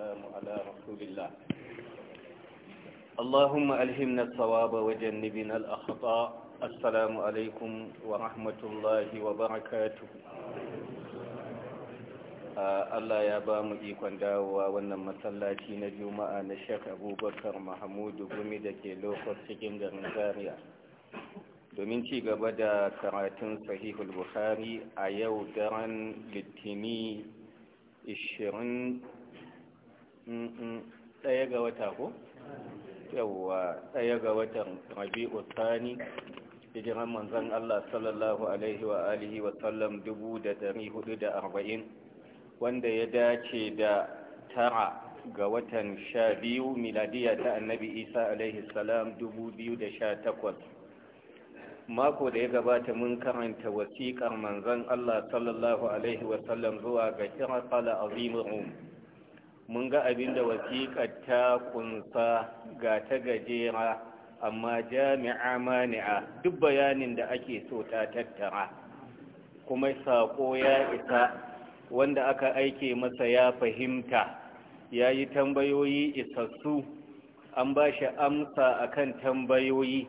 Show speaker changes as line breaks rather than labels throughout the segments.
والسلام على رسول الله اللهم ألهمنا الصواب وجنبنا الأخطاء السلام عليكم ورحمة الله وبركاته Allah ya ba mu ikon dawowa wannan masallaci na juma'a na Sheikh Abubakar Mahmudu Gumi da ke lokacin cikin garin Zaria domin ci gaba da karatun Sahihul Bukhari a yau daren Litini 20 ɗaya ga wata ko? yawwa ɗaya ga watan rabi'u tsani hijiran manzan Allah sallallahu alaihi wa alihi wa sallam arba'in, wanda ya dace da tara ga watan sha biyu miladiya ta annabi isa alaihi salam takwas. mako da ya gabata mun karanta wasiƙar manzan Allah sallallahu alaihi wa sallam zuwa ga kiran tsala a zimurum mun ga abin da wasiƙa ta kunsa ga ta gajera amma jami'a mani'a duk bayanin da ake so ta tattara kuma saƙo ya isa wanda aka aike masa ya fahimta ya yi tambayoyi isassu an ba shi amsa akan tambayoyi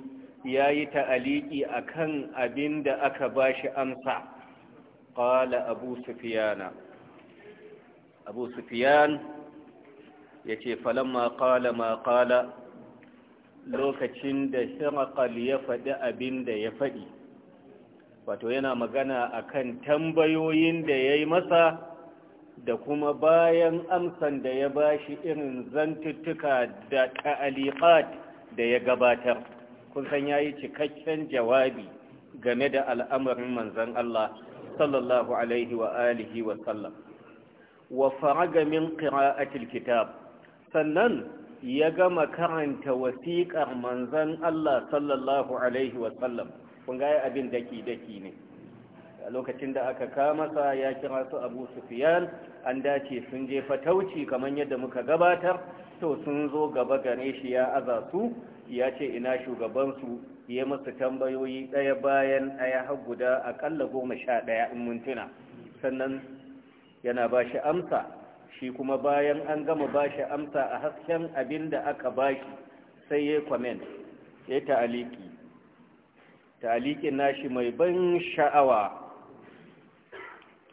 ya yi ta'aliki akan abin da aka ba shi amsa ƙala abu sufiyana abu sufiyan ya ce falamma kala ma kala lokacin da shirakal ya faɗi abin da ya faɗi wato yana magana akan tambayoyin da ya yi masa da kuma bayan amsan da ya ba shi irin zantuttuka da ta'aliqat da ya gabatar kusan ya yayi cikakken jawabi game da al'amarin manzon Allah sallallahu alaihi wa wa sallam wa faraga min qira'atil kitab sannan ya gama karanta wasiƙar manzan Allah sallallahu alaihi wasallam kun gaya abin daki-daki ne a lokacin da aka kamasa ya kira su abu sufiyan an dace sun je fatauci kamar yadda muka gabatar to sun zo gaba gane shi ya aza su ya ce ina shugabansu ya masu tambayoyi ɗaya bayan ɗaya har guda aƙalla goma sha ɗaya in mintuna sannan yana ba shi amsa shi kuma bayan an gama ba shi amsa a hasken abin da aka ba shi, sai ya kwamen. ya ta'aliki ta'alikin nashi mai ban sha'awa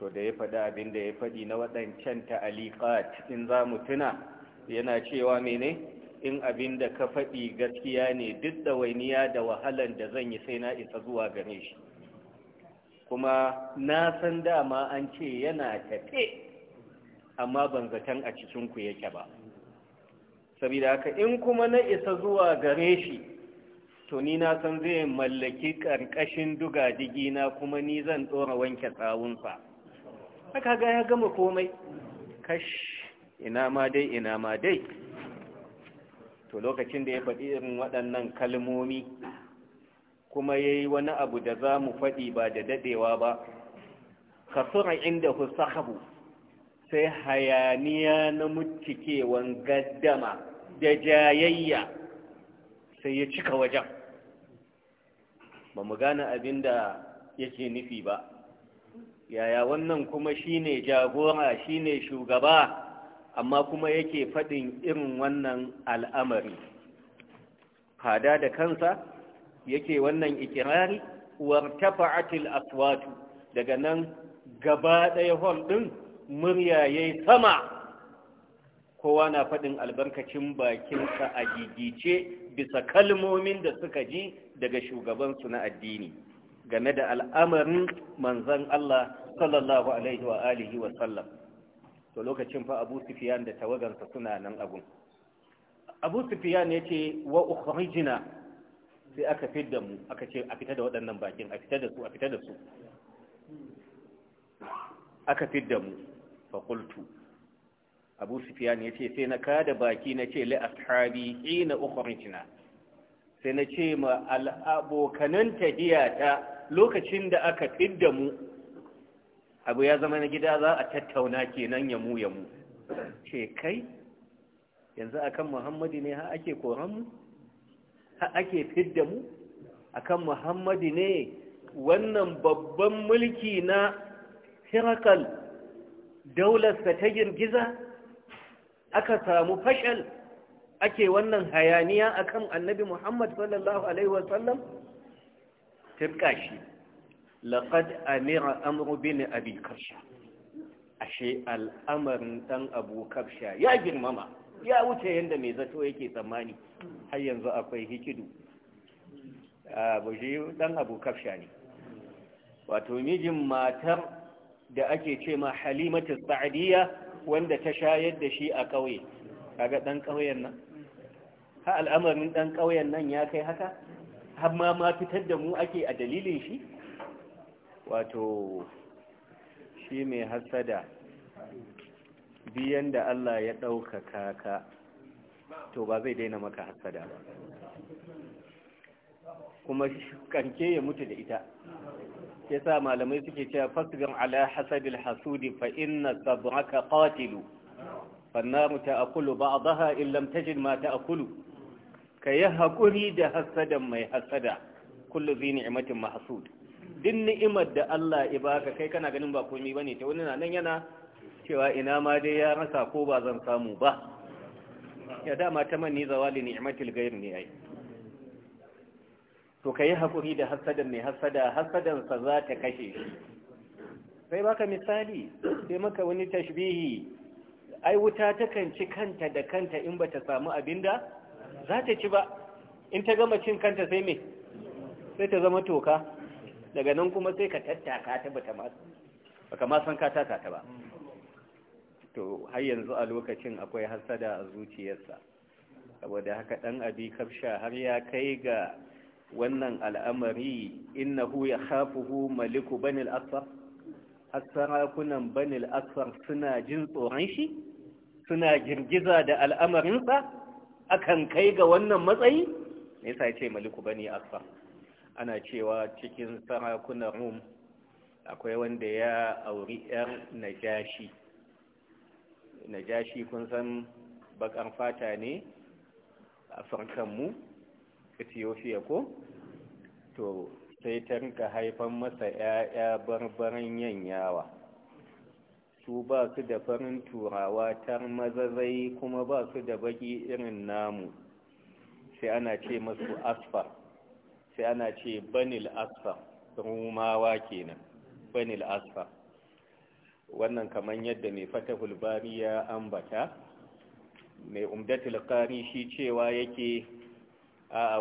to da ya faɗi abin da ya faɗi na waɗancan ta'alika cikin za mu tuna yana cewa mene in abin da ka faɗi gaskiya ne duk da wainiya da wahalan da zan yi sai na isa zuwa gane shi kuma na san dama an ce yana tafe amma ban zaton a cikinku yake ba Sabida haka in kuma na isa zuwa gare shi to ni na san zai mallaki ƙarƙashin dugadigi na kuma ni zan tsora wanke tsawunsa haka ga ya gama komai kash ina ma dai ina ma dai to lokacin da ya faɗi irin waɗannan kalmomi kuma ya yi wani abu da za mu faɗi ba da daɗewa ba Ka kasura inda ku sahabu sai hayaniya na mutikewan gaddama da jayayya sai ya cika wajen ba mu gane abin da yake nufi ba yaya wannan kuma shine jagora shine shugaba amma kuma yake faɗin irin wannan al'amari kada da kansa yake wannan ikirari wartafa'atil aswatu daga nan gaba ɗaya hol ɗin murya yi sama kowa na faɗin albarkacin bakinsa a gigice bisa kalmomin da suka ji daga shugabansu na addini game da al'amarin manzan Allah sallallahu alaihi wa alihi wa sallam to lokacin fa Abu Sufyan da tawagansa suna nan abun Abu Sufyan ce wa ukhrijina sai aka fidda mu aka ce a fita da waɗannan bakin a fita da su a fita da su aka fidda mu faƙultu abu sufiyan ya ce sai na kada baki na ce la'ashabi ina ukhrijna sai na ce ma al'abokanan tahiyata lokacin da aka fidda mu abu ya zama na gida za a tattauna kenan ya mu ya mu ce kai yanzu akan muhammadu ne ha ake koran mu ha ake fidda mu akan muhammadu ne wannan babban mulki na hirakal daularsa ta girgiza aka samu fashal ake wannan hayaniya akan annabi Muhammad sallallahu alaihi wasallam tirka shi laqad amira amru bin abi karsha ashe al'amarin ɗan abu karsha ya girmama ya wuce yadda mai zato yake tsammani har yanzu akwai hikidu ah, a buji ɗan abu karsha ne wato mijin matar da ake ce ma halimatu sa'adiyya wanda ta shayar da shi a ƙauye kaga ɗan ƙauyen nan ha al'amarin ɗan ƙauyen nan ya kai haka har ma ma fitar da mu ake a dalilin shi wato shi mai hasada biyan da Allah ya ɗaukaka ka to ba zai daina maka hasada ba kuma kanke ya mutu da ita yasa malamai suke cewa fasbir ala hasabil hasudi fa inna sabraka qatilu fannaru a ba'daha in lam tajid ma ta'kulu kayi hakuri da hasadan mai hasada kullu zi ni'matin mahsud din ni'imar da Allah ya baka kai kana ganin ba komai bane ta wani nan yana cewa ina ma dai ya rasa ko ba zan samu ba ya dama ta manni zawali ni'matil gairi ne ai to ka yi haƙuri da hasadan mai hasada hasadansa za ta kashe sai baka misali sai maka wani tashbihi ai wuta takan ci kanta da kanta in bata samu abinda za ta ci ba in ta gama cin kanta sai me sai ta zama toka daga nan kuma sai ka tattaka ta bata masu baka ma san ka taka ta ba to har yanzu a lokacin akwai hasada a zuciyarsa saboda haka dan abi kafsha har ya kai ga wannan al'amari innahu ya khafuhu maliku banil asfar sarakunan banil asfar suna jin tsoron shi suna girgiza da al'amarinsa akan kai ga wannan matsayi ne sai ce maliku bani asfar ana cewa cikin sarakunan rum akwai wanda ya auri 'yar najashi najashi kun san bakar fata ne a mu. ethiopia ko to sai ta rinka haifan masa 'ya'ya barbaran yanyawa su ba su da farin turawa ta mazazai kuma ba su da baki irin namu sai ana ce masu asfa. sai ana ce banil asfa. rumawa kenan banil asfa. wannan kamar yadda mai fata hulbari ya ambata mai umdatul qari shi cewa yake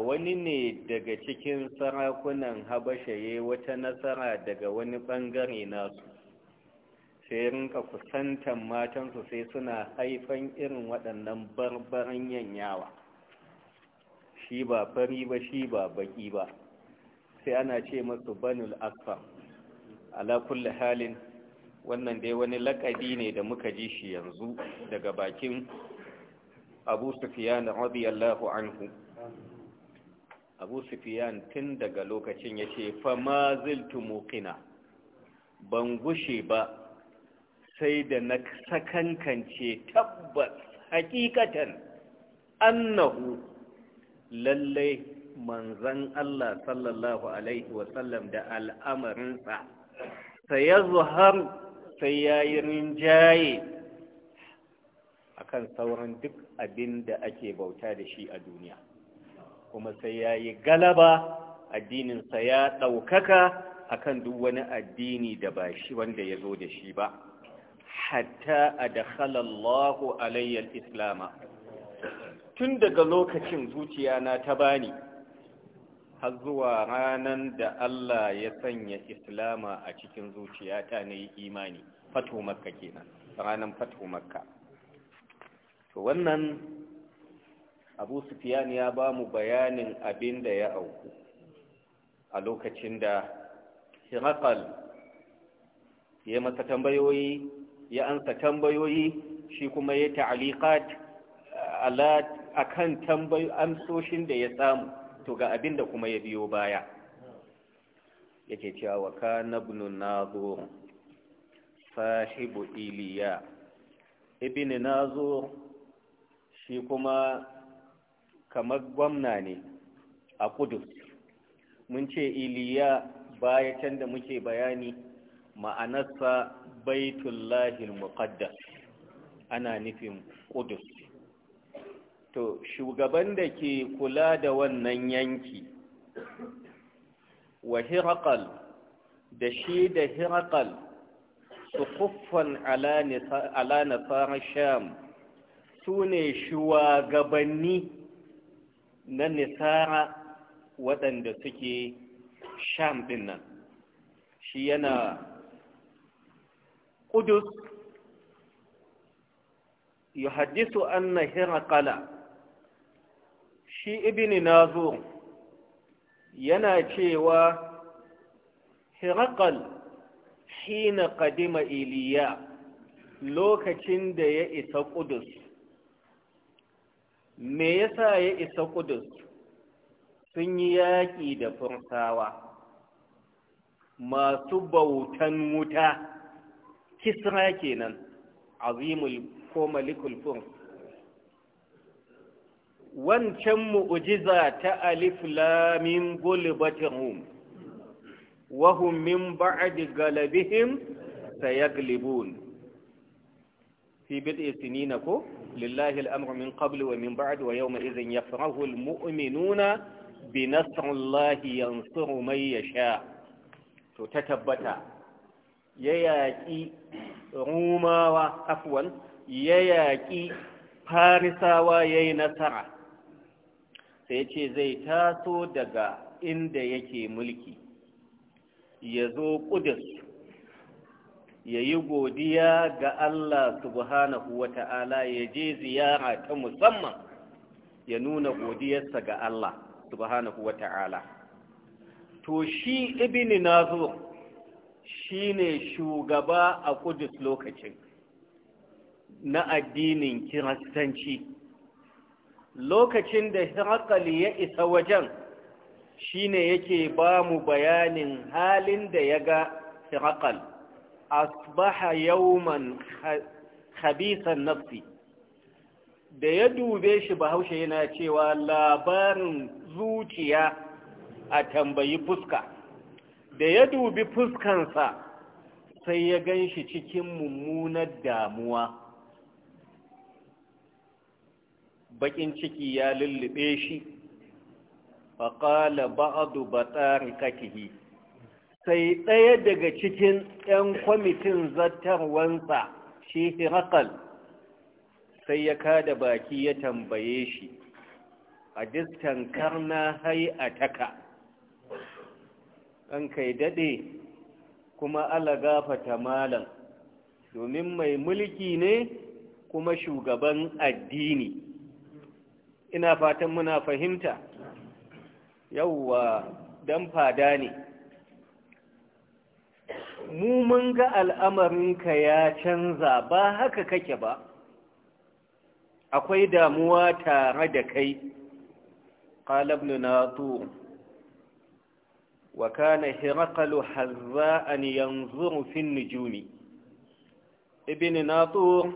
wani ne daga cikin sarakunan habasha ya wata nasara daga wani bangare nasu sai rinka kusantan matansu sai suna haifan irin waɗannan barbaran yanyawa shi ba fari ba shi ba baki ba sai ana ce masu banul asfar ala halin wannan dai wani lakabi ne da muka ji shi yanzu daga bakin abu sufiyan anhu abu sufiyan tun daga lokacin ya ce fama ziltu ban gushe ba sai da na sakankance tabbas hakikatan annahu lallai manzan Allah sallallahu alaihi wasallam da al'amarinsa sai ya zuhar sai ya yi rinjaye akan sauran duk abin da ake bauta da shi a duniya kuma sai ya yi galaba addininsa ya ɗaukaka akan duk wani addini da ba shi wanda ya zo da shi ba hatta a da halallahu alayyar islama tun daga lokacin zuciya na ta bani har zuwa ranar da Allah ya sanya islama a cikin zuciya ta na yi imani fatu makka kenan ranar fatu makka to wannan abu sufiyan ya ba mu bayanin abin da ya auku a lokacin da hirakal ya masa tambayoyi ya ansa tambayoyi shi kuma ya ta'aliqat a akan amsoshin da ya samu to ga abin da kuma ya biyo baya yake cewa wa kana ibn nazur sahibu iliya ibn nazur shi kuma kamar gwamna ne a kudu mun ce iliya baya can da muke bayani ma'anarsa baitullahil muqaddas ana nufin kudus to shugaban da ke kula da wannan yanki wa hiraqal da shi da hiraqal su kuffan ala nasarar sham su ne shugabanni na nisara waɗanda suke sham ɗin nan shi yana ƙudus yi haddisu an na hirakala shi ibini nazo yana cewa hirakal na kadima iliya lokacin da ya isa ƙudus me yasa ya isa kudus sun yi yaƙi da fursawa masu bautan wuta kisra kenan azimul ko malikul furs wancan mu'ujiza ta alif lamin gulbatin rum wahum min ba'di galabihim sayaglibun fi bid'i sinina ko lillahi al'amru min qablu wa min ba'd to ta tabbata ya yaki ya yaki farisawa yayi nasara zai taso daga inda yake mulki ya zo ƙudus ya yi godiya ga Allah subhanahu wa ta'ala ya je ziyara ta musamman ya nuna godiyarsa ga Allah subhanahu wa ta'ala. To shi ibn Nazir shi ne shugaba a Kudus lokacin na addinin kiristanci. Lokacin da Hirakali ya isa wajen shi ne yake ba mu bayanin halin da ya ga Hirakali. asbaha yawman khabisan nafsi da ya dube shi bahaushe yana cewa labarin zuciya a tambayi fuska da ya dubi fuskansa sai ya gan shi cikin mummunar damuwa bakin ciki ya lullube shi faƙala ba'adu ba tsarin kakihi sai ɗaya daga cikin 'yan kwamitin zartarwansa shi hirakal sai ya kada baki ya tambaye shi a distan karna hai a taka ɗan kai daɗe kuma ala gafata malam domin mai mulki ne kuma shugaban addini ina fatan muna fahimta yauwa dan fada ne mu mun ga al'amarinka ya canza ba haka kake ba akwai damuwa tare da kai ƙalabnu na tuwo wa kana hirakalu hazza'an yanzu fin nujumi ibn natur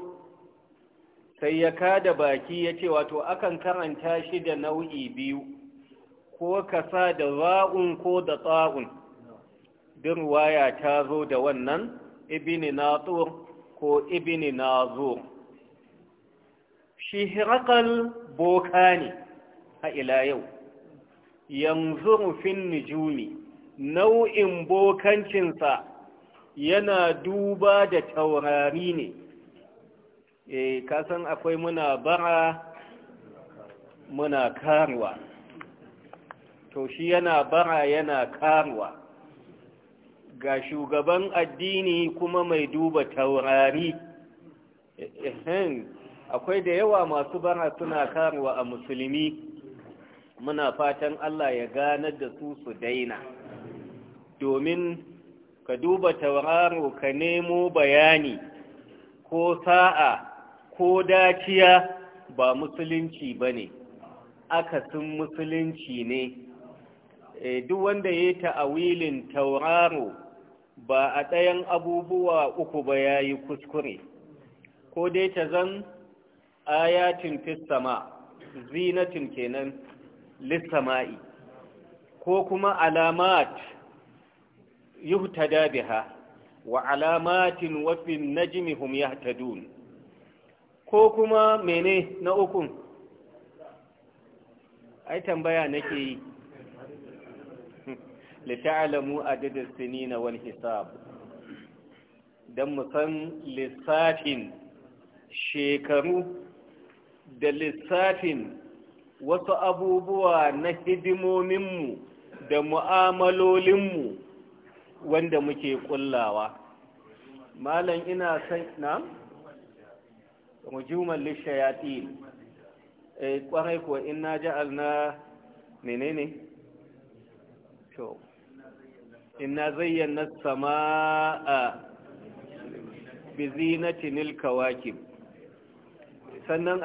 sai ya kada baki ya ce wato akan karanta shi da nau'i biyu ko kasa da za'un ko da tsa'un din ruwaya ta zo da wannan ibini natur ko ibini zo shi hirakal boka ne a ila yau yanzu rufin nijuni nau'in bokancinsa yana duba da taurari ne e eh, kasan akwai muna bara muna karuwa to shi yana bara yana karuwa ga shugaban addini kuma mai duba taurari akwai da yawa masu bara suna karuwa a musulmi muna fatan Allah ya ganar da su su daina domin ka duba tauraro ka nemo bayani ko sa'a ko daciya ba musulunci ba ne akasin musulunci ne eh, duk wanda ya ta'awilin tauraro ba a ɗayan abubuwa uku ba ya yi kuskure ko dai ta zan ayatin fissama zinatin kenan lissama'i ko kuma alamat yuhtada biha wa alamatin wafin najmihum yahtadun ko kuma mene na ukun ai tambaya nake yi لتعلموا عدد السنين والحساب hisab don لساتين lissafin shekaru da lissafin wasu abubuwa na hidimominmu da mu'amalolinmu wanda muke kullawa malam ina san na mujumal lishayatin eh kwarai ko inna ja'alna menene inna zayyana sama'a bi zinatinil kawakib sannan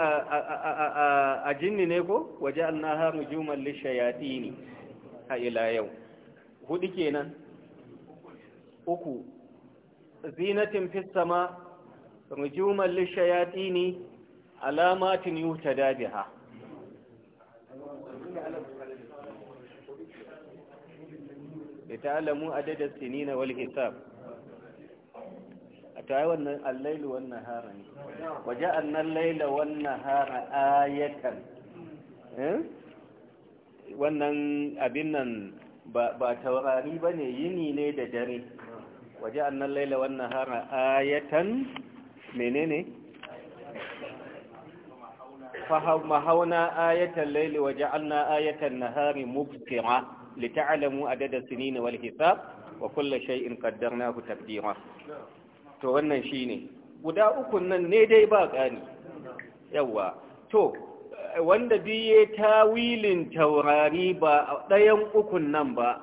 a jinni ne ko waje annaha nujuman lishayatini a ila yau hudu kenan uku zinatin fis sama nujuman lishayatini alamatin yuhtada biha لتعلموا عدد السنين والحساب أتعي الليل والنهار وجعلنا الليل والنهار آية wannan abin nan ba taurari ba ne yini ne da dare waje annan laila wannan hara ayatan menene mahauna ayatan laili waje annan ayatan nahari mubtira lita'alamu adada sinina wal hisab wa kullu shay'in qaddarnahu to wannan shine guda uku nan ne dai ba kani yawa to wanda biye tawilin taurari ba ɗayan ukun nan ba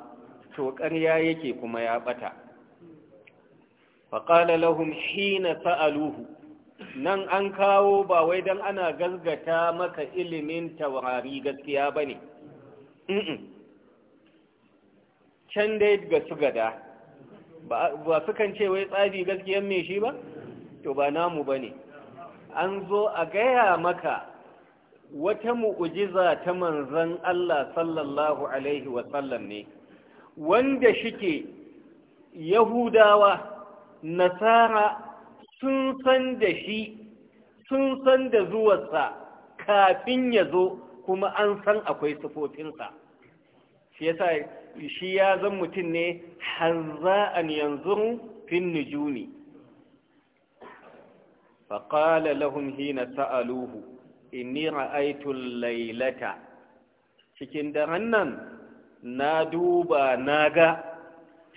to ƙarya yake kuma ya bata faƙala lahum hina sa'aluhu nan an kawo ba wai don ana gazgata maka ilimin taurari gaskiya ba ne can dai ga su gada ba su kan ce wai tsabi gaskiyar mai shi ba to ba namu ba ne an zo a gaya maka wata mu'ujiza ta manzan Allah sallallahu Alaihi wasallam ne wanda shike Yahudawa nasara sun san da shi sun san da zuwarsa kafin ya zo kuma an san akwai sufofinsa shi yasa shi ya zan mutum ne har a yanzu fin nijuni faƙala lahun hina sa'aluhu inni ra'aitun lailata cikin daren nan na duba na ga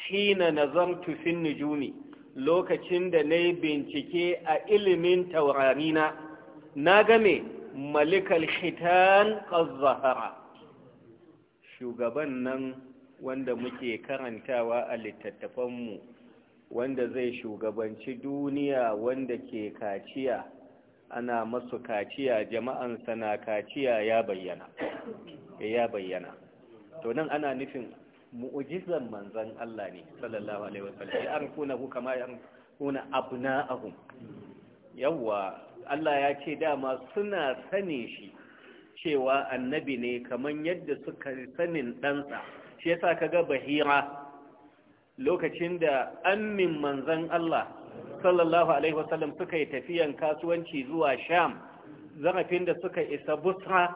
hina nazartu fin nijuni lokacin da na yi bincike a ilimin taurarina na game malikal khitan ƙazzahara shugaban nan wanda muke karantawa a littattafanmu wanda zai shugabanci duniya wanda ke kaciya ana masu kaciya jama'ansa na kaciya ya bayyana eh, ya bayyana to nan ana nufin mu'ujizan manzan Allah ne sallallahu alaihi wasallam ya arkuna ku kama ya arkuna abna'ahum yawa Allah ya ce dama suna sane shi cewa annabi ne kaman yadda suka sanin sa shi yasa kaga bahira lokacin da ammin manzan Allah sallallahu alaihi wasallam suka yi tafiyan kasuwanci zuwa sham zarafin da suka isa busra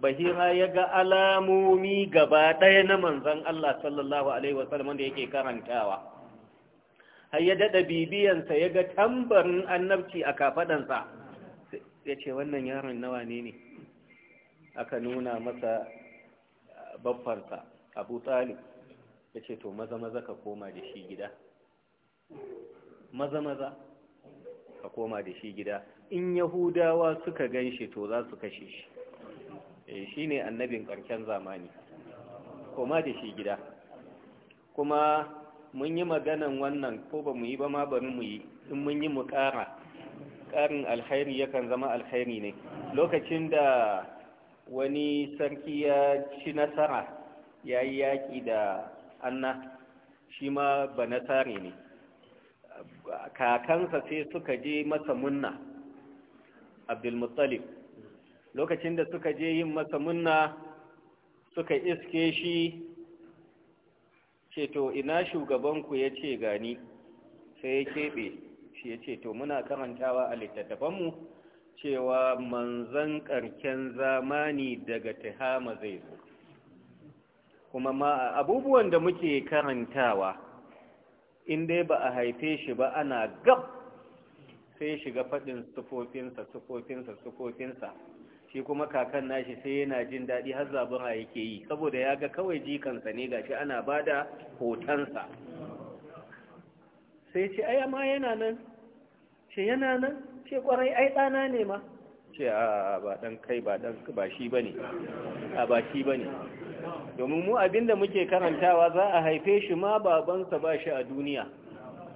bahira ya ga alamomi gaba ɗaya na manzan Allah sallallahu alaihi wasallam da yake karantawa har ya dada bibiyansa ya ga tambarin annabci a kafaɗansa ya ce wannan yaron nawa ne ne aka nuna masa ah, babbarsa abu talib ya ce to maza-maza ka koma da shi gida maza-maza ka koma da shi gida in yahudawa suka gan shi to za su kashe shi eh, shi ne annabin ƙarshen zamani koma da shi gida kuma mun yi maganan wannan ko ba mu yi ba ma bari mu yi in mun yi mu ƙara ƙarin alhairi yakan zama alhairi ne lokacin da wani sarki ya ci nasara ya yi yaƙi da anna shi ma ba tsari ne kakansa sai suka je masa munna abdulmutsalif lokacin da suka je yin masa munna suka iske shi ce to ina shugabanku ya ce gani sai ya keɓe shi ya ce to muna karantawa a littattafanmu cewa manzan ƙarken zamani daga tihama zai zo kuma ma abubuwan da muke karantawa in dai ba a haife shi ba ana gab sai shiga faɗin sufofinsa sufofinsa sufofinsa shi kuma kakan nashi sai yana jin daɗi har zabura yake yi saboda ya ga kawai jikansa ne ga shi ana ba da hotonsa sai ce ai ma yana nan ce yana nan ce kwarai ai ɗana ne ma ce a ba dan kai ba dan ba shi bane a ba shi domin mu abinda muke karantawa za a haife shi ma babansa ba shi a duniya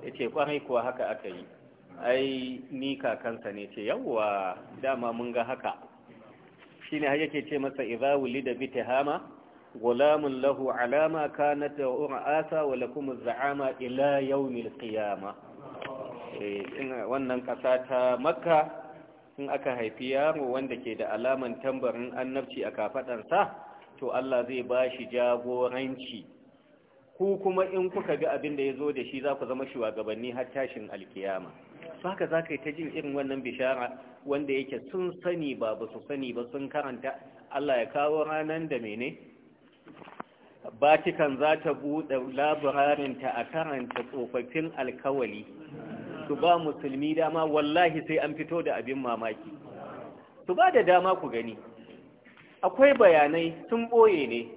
yace kwarai kuwa haka aka yi ai ni kakansa ne ce yawwa dama mun ga haka shine har yake ce masa idza wulida bitihama gulamun lahu alama kanat ur'asa wa lakum az-za'ama ila yawmil qiyamah eh, wannan ƙasa ta makka in aka haifi yaro wanda ke da alaman tambarin annabci a kafadarsa to Allah zai ba shi jagoranci ku kuma in kuka ga abin da ya zo da shi za ku zama shugabanni har tashin alkiyama baka za ka yi ta jin irin wannan bishara wanda yake sun sani ba ba su sani ba sun karanta Allah ya kawo ranar da mene Batikan za ta buɗe labarinta a karanta tsofaffin alkawali su ba musulmi dama wallahi sai an fito da abin mamaki su ba da dama ku gani akwai bayanai sun ɓoye ne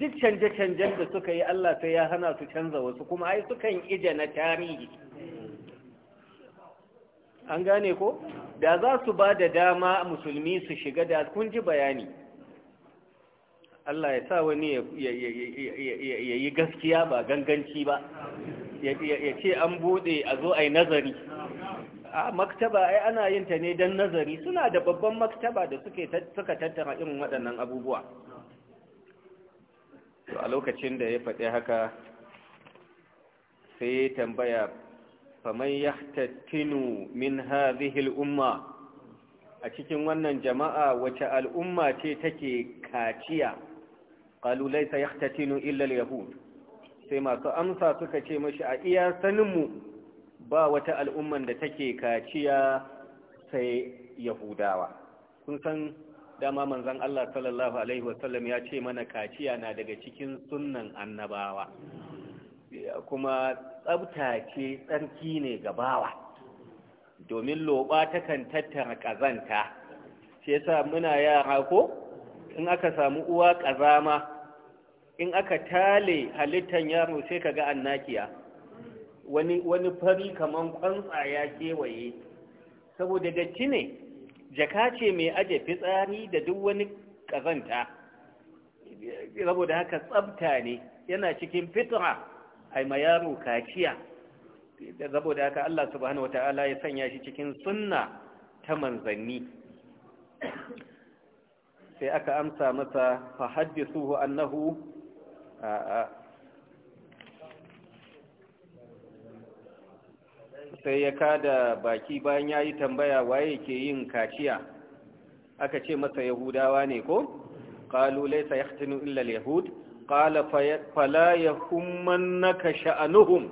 duk canje-canjen da suka yi Allah sai ya hana su canza wasu kuma ai sukan ije na tarihi an gane ko da za su ba da dama musulmi su shiga da kun ji bayani Allah ya sa wani ya yi gaskiya ba ganganci ba ya ce an bude a zo a yi nazari a maktaba ai ana yin ta ne don nazari suna da babban maktaba da suka tattara irin waɗannan abubuwa a lokacin da ya faɗi haka sai ya tambaya faman ya tattinu min hazihil umma a cikin wannan jama'a wace al'umma ce take kaciya ƙalulai sa ya tattinu illal yahudu sai masu amsa suka ce mashi a iya saninmu ba wata al'umman da take kaciya sai yahudawa kun san dama manzan Allah sallallahu Alaihi wasallam ya ce mana kaciya na daga cikin sunnan annabawa kuma tsabta ce tsarki ne ga bawa domin loba takan tattara ƙazanta shi yasa muna yara ko in aka samu uwa ƙazama in aka tale halittan yaro sai ka ga annakiya wani wani fari kaman kwantsa ya kewaye saboda datti ne jaka ce mai aje fitsari da duk wani kazanta saboda haka tsabta ne yana cikin fitra ai ma yaro kaciya saboda haka Allah subhanahu wataala ya sanya shi cikin sunna ta manzanni sai aka amsa masa fa haddithuhu annahu sai ya kada baki bayan ya yi tambaya waye ke yin kaciya aka ce masa yahudawa ne ko ƙalu laisa ya hatinu illal yahud ƙala fala ya naka sha'anuhum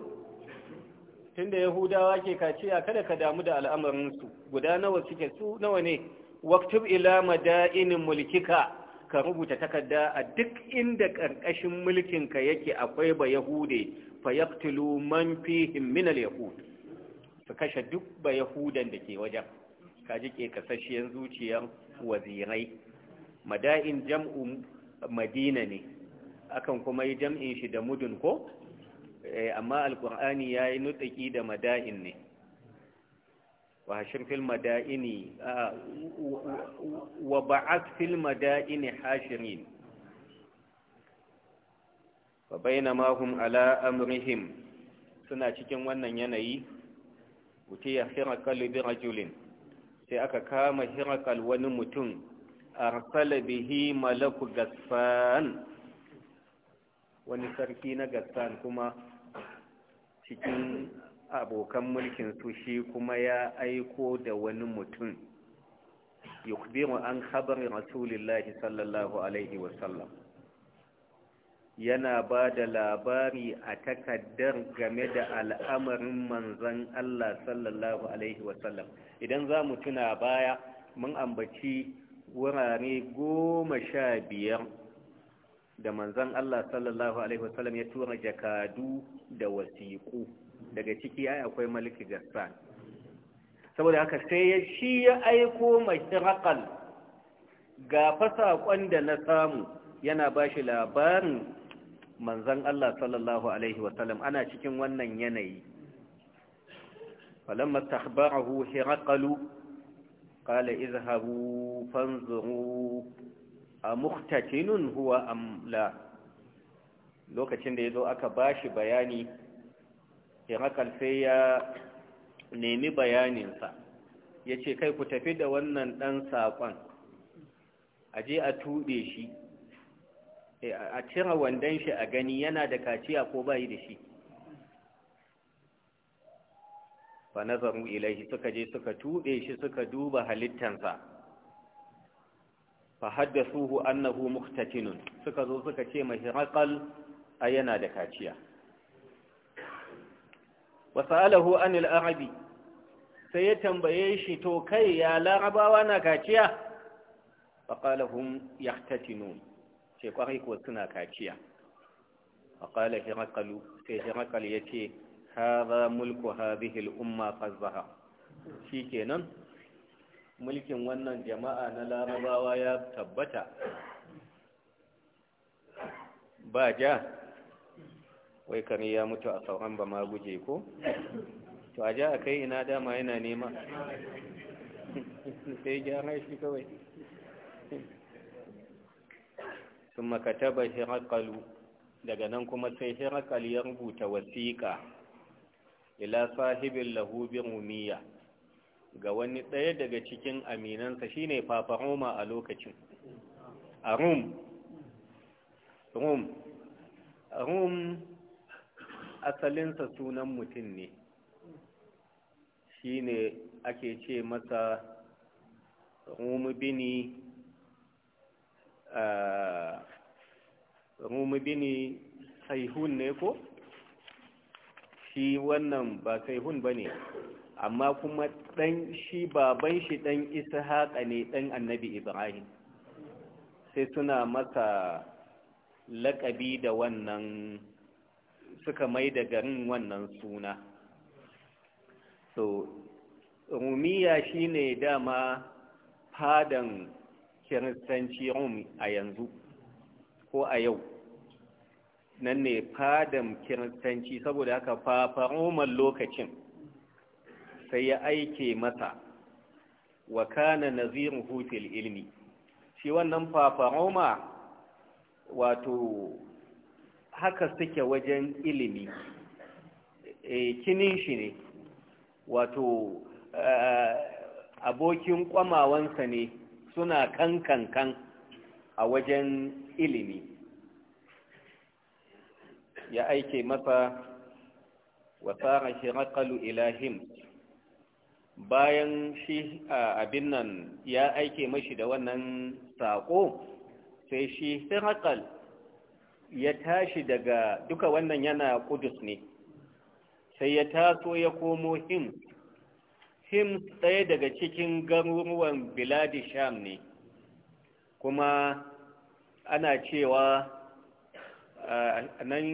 tunda yahudawa ke kaciya kada ka damu da al'amarinsu guda nawa suke su nawa ne waktub ila mada'inin mulkika ka rubuta takarda a duk inda ƙarƙashin mulkinka yake akwai ba yahude fa yaqtulu man fihim min al-yahud su kashe duk ba yahudan da ke wajen ka ji ke kasashiyan zuciyar wazirai mada'in jam'u madina ne akan kuma yi jam'in shi da mudun ko eh, amma alqur'ani yayi nutsaki da mada'in ne وهشم في المدائن آه وبعث في المدائن حاشرين فبينما هم على أمرهم سنة cikin wannan yanayi wuce ya hirakal bi rajulin sai aka kama hirakal wani mutum arsala bihi malaku gasfan wani sarki na gasan kuma cikin abokan mulkin su shi kuma ya aiko da wani mutum yukbiru an khabari rasulillahi sallallahu alaihi wasallam yana ba da labari a takaddar game da al'amarin manzan Allah sallallahu alaihi wasallam idan za mu tuna baya mun ambaci wurare goma sha biyar da manzan Allah sallallahu alaihi wasallam ya tura jakadu da wasiƙu daga ciki ya akwai maliki gassan saboda haka sai ya shi ya aiko raƙal, ga fasakon da na samu yana ba shi labarin manzan Allah sallallahu Alaihi wasallam ana cikin wannan yanayi falamma tahbarahu hiraqalu qala izhabu fanzuru a muktacinun huwa amla lokacin da ya zo aka ba shi bayani hirakal sai ya nemi bayaninsa ya ce kai ku tafi da wannan ɗan saƙon a je a tuɗe shi eh, a cire wandon shi a gani yana da kaciya ko bayi da shi fa nazaru ilaihi suka je suka tuɗe shi suka duba halittansa fa haddasuhu annahu muhtatinun suka zo suka ce mashi raƙal a yana da kaciya wa sa'alahu anil arabi sai ya tambaye shi to kai ya larabawa na kaciya faqala hum yahtatinun ce kwarai ko suna kaciya faqala hiraqalu sai hiraqal yace hadha mulku hadhihi al umma fazaha shikenan mulkin wannan jama'a na larabawa ya tabbata ba ja wai kare ya mutu a sauran ba ma guje ko to a ja a kai ina dama yana nema sai gyara shi kawai sun daga nan kuma sai shirakalu ya rubuta wasiƙa ila sahibin lahubin rumiya ga wani ɗaya daga cikin aminansa shine ne Roma a lokacin a Rum asalinsa sunan mutum ne shi ne ake ce masa rumubini rumubini saihun ne ko shi wannan ba saihun ba ne amma kuma ɗan shi baban shi ɗan ishaƙa ne ɗan annabi ibrahim sai suna masa laƙabi da wannan suka mai da garin wannan suna so rumiya shine dama fadan kiristanci rum a yanzu ko a yau nan ne fadan kiristanci saboda haka fafa roman lokacin sai ya aike masa wa kana nazirin hutil ilmi shi wannan fafa roma wato haka suke wajen ilimi E, kinin shi ne wato eh, abokin kwamawansa ne suna kankankan a wajen ilimi ya aike masa wasara shirakalu ilahim bayan shi abin nan ya aike mashi da wannan saƙo sai shi shirakal ya tashi daga duka wannan yana kudus ne sai ya taso ya komo him hims ɗaya daga cikin garuruwan biladi sham ne kuma ana cewa nan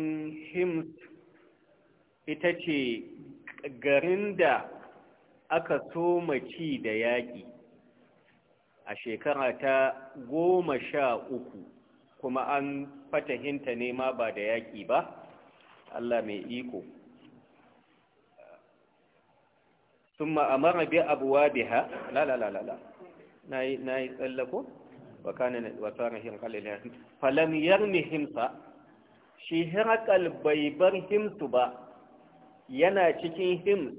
hims ita ce garin da aka so ci da yaƙi a shekara ta goma sha uku kuma an fatahinta ne ma ba da yaƙi ba Allah mai iko sun mara bi abuwa biha lalalalala na yi tsallako wa kane wa tsarihin kalilin falamiyar ne himsa shi herakal bai bar himsu ba yana cikin hims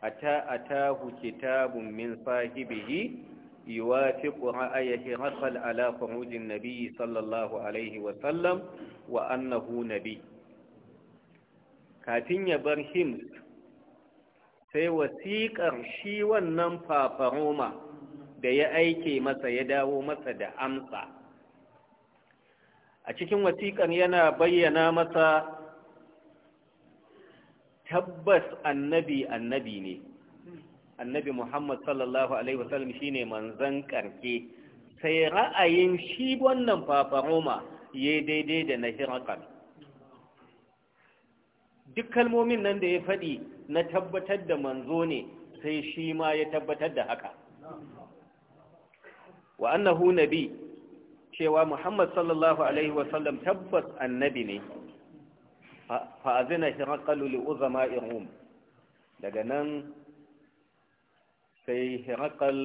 a ta huke tabun min sahibihi يوافق رأيه رخل على خروج النبي صلى الله عليه وسلم وأنه نبي kafin ya bar hims sai wasiƙar shi wannan fafaroma da ya aike masa ya dawo masa da amsa a cikin wasiƙar yana bayyana masa tabbas annabi annabi ne annabi Muhammad sallallahu alaihi wasallam shine manzon karke sai ra'ayin shi wannan fafaroma ya daidai da na hirakar duk kalmomin nan da ya faɗi na tabbatar da manzo ne sai shi ma ya tabbatar da haka wa annahu nabi cewa muhammad sallallahu alaihi wasallam tabbas annabi ne fa'azina hirakar lullu'u zama'in rum daga nan sai hirakal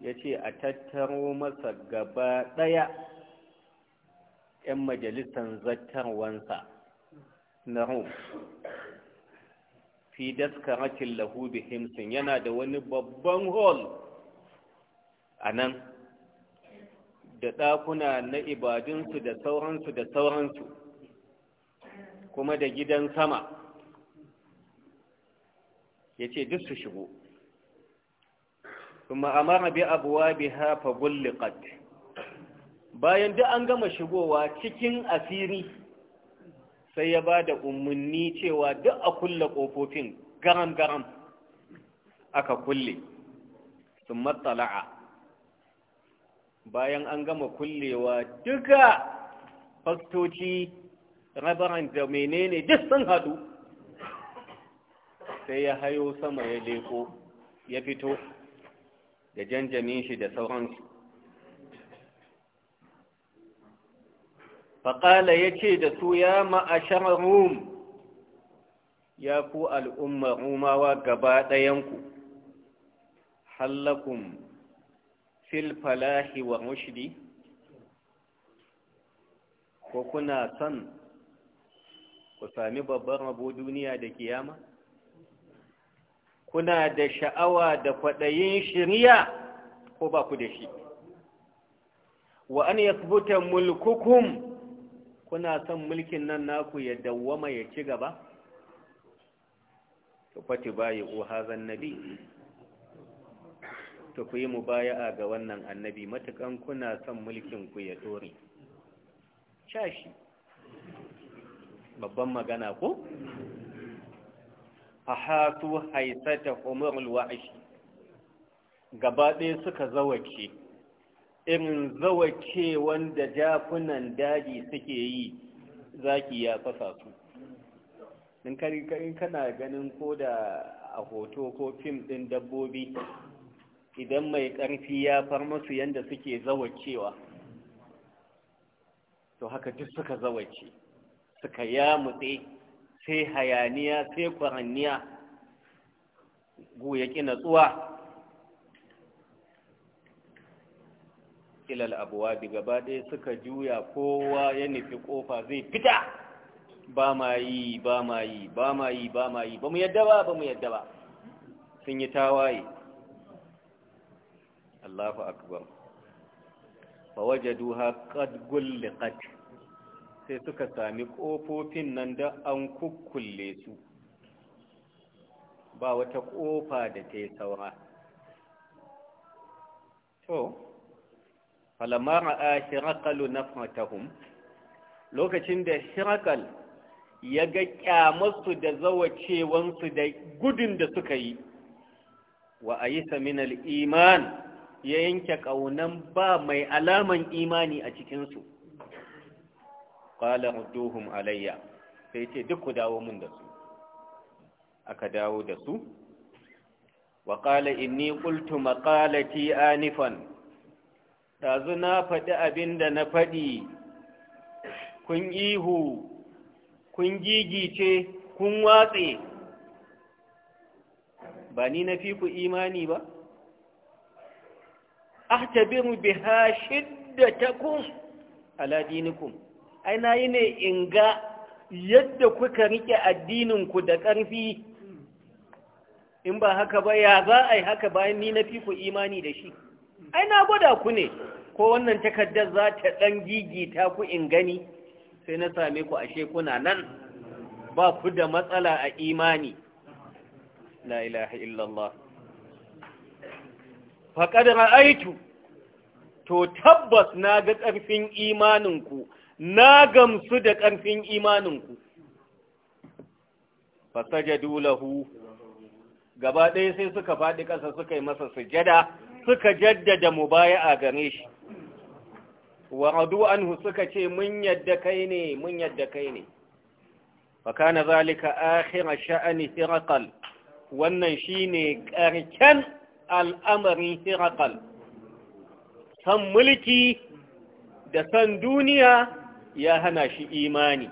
ya ce a tattaro masa gaba ɗaya 'yan majalisan zattarwansa na rum fi daskaratin lahubi himsin yana da wani babban hall a nan da ɗakuna na ibadunsu da sauransu da sauransu kuma da gidan sama ya ce duk su shigo kuma amara bi abwabiha fa gulqat bayan duk an gama shigowa cikin asiri sai ya ba da umarni cewa duk a kulle kofofin garam garam aka kulle sun matsala'a bayan an gama kullewa duka fastoci rabaran da menene duk sun haɗu sai ya hayo sama ya leko ya fito da janjamin shi da sauransu faƙala ya ce da su ya ma'ashar rum ya ku al'umma rumawa gaba ɗayanku hallakun fil falahi wa mushdi ko kuna son ku sami babban rabo duniya da kiyama? kuna da sha'awa da kwaɗayin shirya ko ba ku da shi wa an yasbuta mulkukum kuna son mulkin nan naku ya dawwama ya ci gaba ta fati bayi ohazan nabi ta ku yi mu mubaya'a ga wannan annabi matukan kuna son mulkin ku ya dore cashi babban magana ko fahatu haisata umarul wa'ashi gaba ɗaya suka zawace irin zawace wanda jafunan daji suke yi zaki ya fasa su in kana ganin ko da a hoto ko fim ɗin dabbobi idan mai ƙarfi ya far masu yadda suke zawacewa to haka duk suka zawace suka mutse sai hayaniya sai kwaranniya goyaki natsuwa ilal abuwa daga ɗaya suka juya kowa ya nufi kofa zai fita ba ma yi ba ma yi ba ma yi ba ma yi ba mu yadda ba ba mu yadda ba sun yi tawaye Allahu akbar fa wajaduha qad gulqat sai suka sami ƙofofin nan da an kukkulle su ba wata ƙofa da ta yi saura to falamara a shirakalu na fatahun lokacin da shirakal ya ga ƙyamarsu da zawacewansu da gudun da suka yi wa a yi saminal iman ya yanke ƙaunan ba mai alaman imani a cikinsu qala rudduhum alayya sai ce duk ku dawo mun da su aka dawo da su wa qala inni qultu maqalati anifan tazu na faɗi abin da na faɗi kun ihu kun gigice kun watse ba ni na fi ku imani ba A ahtabiru biha taku kun aladinikun ai na yi ne in ga yadda kuka rike addininku da ƙarfi in ba haka ba ya za a yi haka bayan ni na fi ku imani da shi ai na gwada ku ne ko wannan takardar za ta ɗan gigita ku in gani sai na same ku ashe kuna nan ba ku da matsala a imani la ilaha illallah faƙad aitu to tabbas na ga ƙarfin imaninku na gamsu da ƙarfin imaninku fasajadu lahu gaba ɗaya sai suka faɗi ƙasa suka yi masa sujada suka jaddada mu baya a gare shi wa anhu suka ce mun yadda kai ne mun yadda kai ne na zalika akhira sha'ani hirakal wannan shi ne ƙarken al'amarin hirakal san mulki da san duniya ya hana shi imani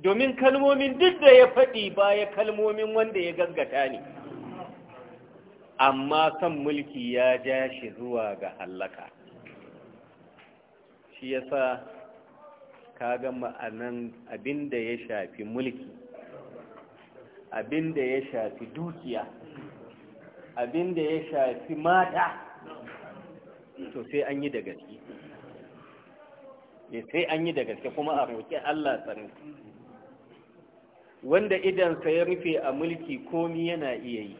domin kalmomin duk da ya faɗi baya kalmomin wanda ya gaggata ne amma kan mulki ya ja shi zuwa ga hallaka shi sa ka ga ma'anan abin ya shafi mulki abin ya shafi dukiya abin ya shafi mata to sai an yi da gaske ya sai an yi da gaske kuma a roƙi Allah tsaro wanda idansa ya rufe a mulki komi yana iya yi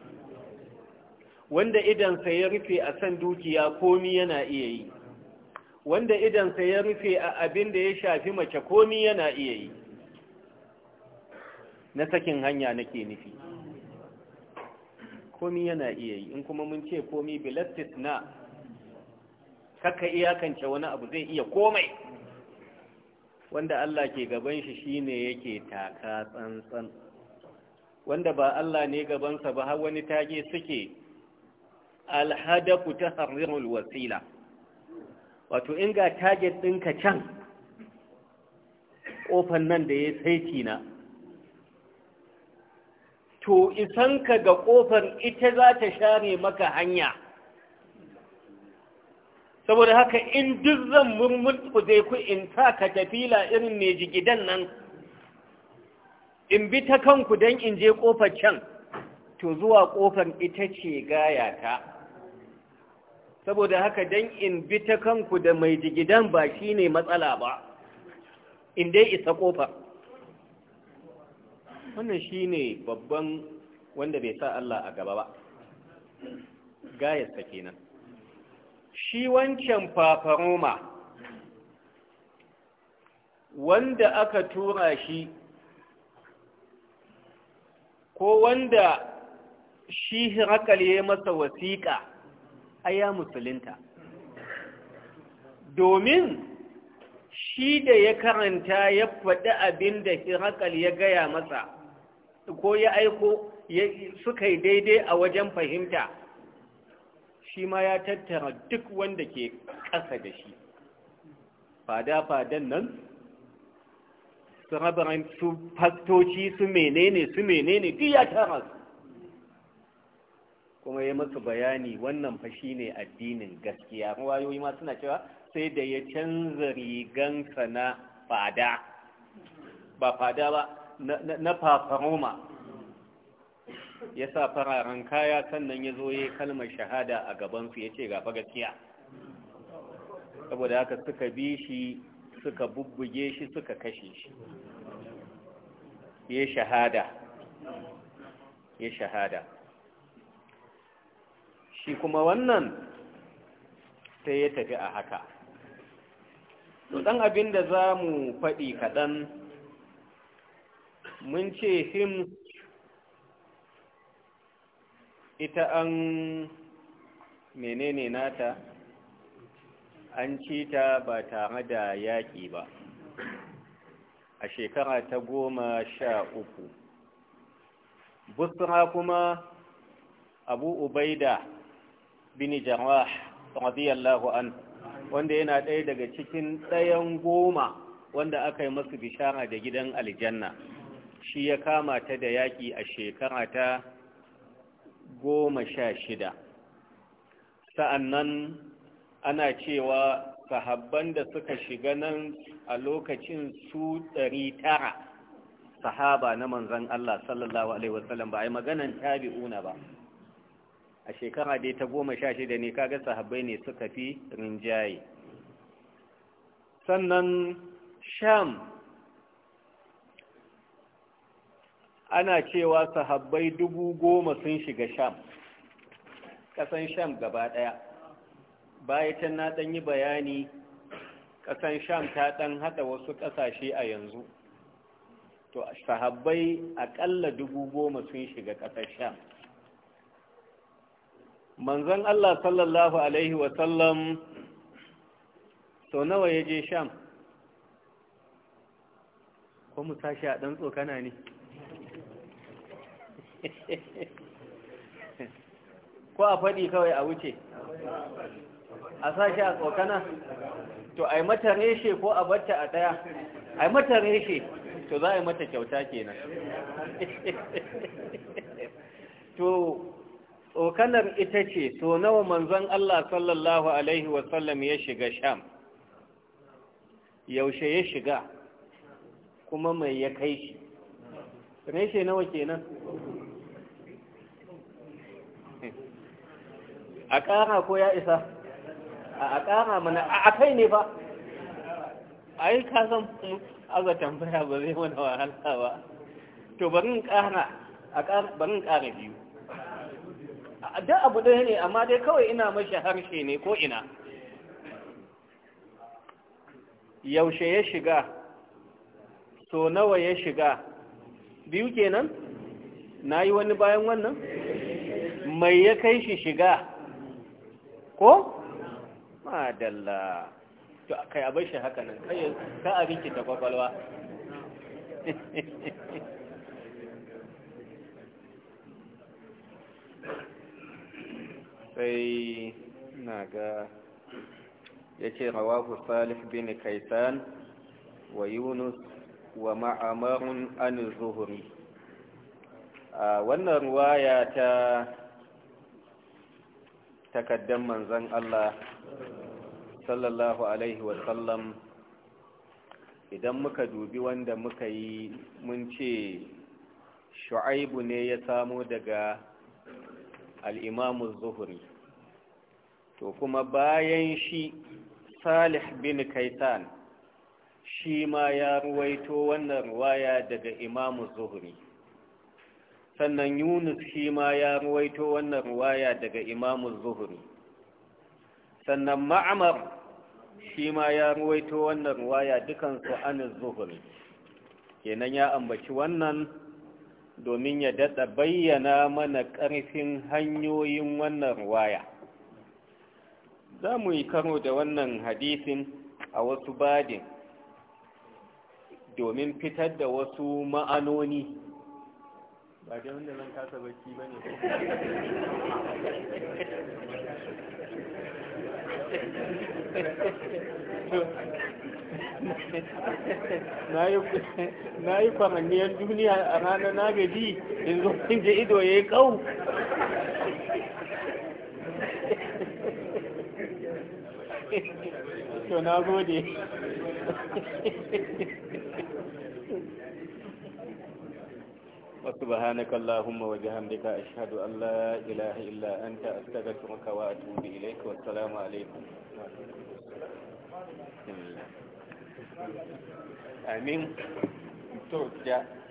wanda idansa ya rufe a san dukiya komi yana iya yi wanda idansa ya rufe a abin da ya shafi mace komi yana iya yi na sakin hanya nake nufi komi yana iya yi in kuma mun ce komi bilastis na kakka iyakance wani abu zai iya komai wanda Allah ke gaban shi shine yake taka tsantsan wanda ba Allah ne gabansa ba har wani tage suke ta taharrimul wasila wato inga ga target ɗinka can ƙofan nan da ya saiti na to isanka ga ƙofar ita za ta share maka hanya saboda haka in duk zan zai ku in sa ka tafila irin mai jigidan nan in bi ta kanku don in je kofar can to zuwa ƙofar ita ce gaya ta saboda haka don in bi ta kanku da mai jigidan ba shi ne matsala ba in dai isa ƙofar wannan shi ne babban wanda bai sa Allah a gaba ba gayarsa kenan shi wancan fafaroma wanda aka tura shi ko wanda shi hirakal ya masa wasiƙa a ya musulunta domin shi da ya karanta ya faɗi abin da hirakal ya gaya masa ko ya aiko suka yi daidai a wajen fahimta shi ma ya tattara duk wanda ke ƙasa da shi fada-fadan nan su rabarin su faktoci su menene su menene duk ya tara su kuma ya masu bayani wannan fashi ne addinin gaskiya wayoyi ma suna cewa sai da ya canza rigansa na fada ba fada ba na fafaroma ya sa fararen kaya sannan ya zo ya kalmar shahada a gabansu ya ce gafa gaskiya saboda haka suka bi shi suka bubbuge shi suka kashe shi ya shahada ya shahada shi kuma wannan sai ya tafi a haka to dan abin da za mu faɗi kaɗan mun ce hims ita an menene nata an ci ta ba tare da yaƙi ba a shekara ta goma sha uku busra kuma abu ubaida bin jarrah radiyallahu anhu wanda yana ɗaya daga cikin ɗayan goma wanda aka yi masu bishara da gidan aljanna shi ya kama ta da yaƙi a shekara ta goma sha shida sa'annan ana cewa sahabban da suka shiga nan a lokacin su ɗari tara sahaba na manzan Allah sallallahu Alaihi wasallam ba a yi maganan tabi'una ba a shekara dai ta goma sha shida ne kaga sahabbai ne suka fi rinjaye sannan sham ana cewa sahabbai dubu goma sun shiga sham ƙasan sham gaba ɗaya can na ɗan yi bayani ƙasan sham ta ɗan haɗa wasu ƙasashe a yanzu to sahabbai aƙalla dubu goma sun shiga ƙasar sham manzon Allah sallallahu Alaihi wasallam sau nawa ya je sham ko mu tashi a ɗan tsokana ne ko a faɗi kawai a wuce
a sashi a tsokana
to a yi mata reshe ko a batta a ɗaya a yi mata reshe to za a yi mata kyauta kenan to tsokanar ita ce so nawa manzon Allah sallallahu Alaihi wasallam ya shiga sham yaushe ya shiga kuma mai ya kai shi reshe nawa kenan a ƙara ko ya isa a ƙara mana a kai ne fa a yi kasan aga tambaya ba zai mana wahala ba to bari in ƙara bari in ƙara biyu da, abu ɗaya ne amma dai kawai ina mashi harshe ne ko ina yaushe ya shiga so nawa ya shiga biyu kenan na yi wani bayan wannan mai ya kai shi shiga ko madalla to kai a shi haka nan kai ka a da kwakwalwa sai na ga ya ce rawahu salih bin kaitan wa yunus wa ma'amarun an zuhuri a wannan ruwaya ta takaddan manzan Allah sallallahu alaihi wasallam idan muka dubi wanda muka yi mun ce shu'aibu ne ya samo daga al'imamu zuhuri to kuma bayan shi salih bin kaitan shi ma ya ruwaito wannan ruwaya daga imamu zuhuri sannan yunus shi ma ya ruwaito wannan ruwaya daga imamun zuhuri sannan ma'amar shi ma ya ruwaito wannan ruwaya dukansu anin zuhuri kenan ya ambaci wannan domin ya daɗa bayyana mana ƙarfin hanyoyin wannan ruwaya za mu yi karo da wannan hadisin a wasu badin domin fitar da wasu ma'anoni
ba dai wanda zan kasa bacci ba ne na yi kwamanniyar
duniya a ranar na gaji in zo je ido ya yi kau na gode وسبحانك اللهم وبحمدك أشهد أن لا إله إلا أنت أستغفرك وأتوب إليك والسلام عليكم آمين ترجع